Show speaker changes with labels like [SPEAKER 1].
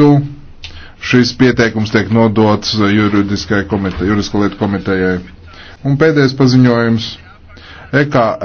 [SPEAKER 1] teiktu, šis pieteikums tiek nodots juridiskajai komitejai, juridisko lietu komitejai. Un pēdējais paziņojums. EKR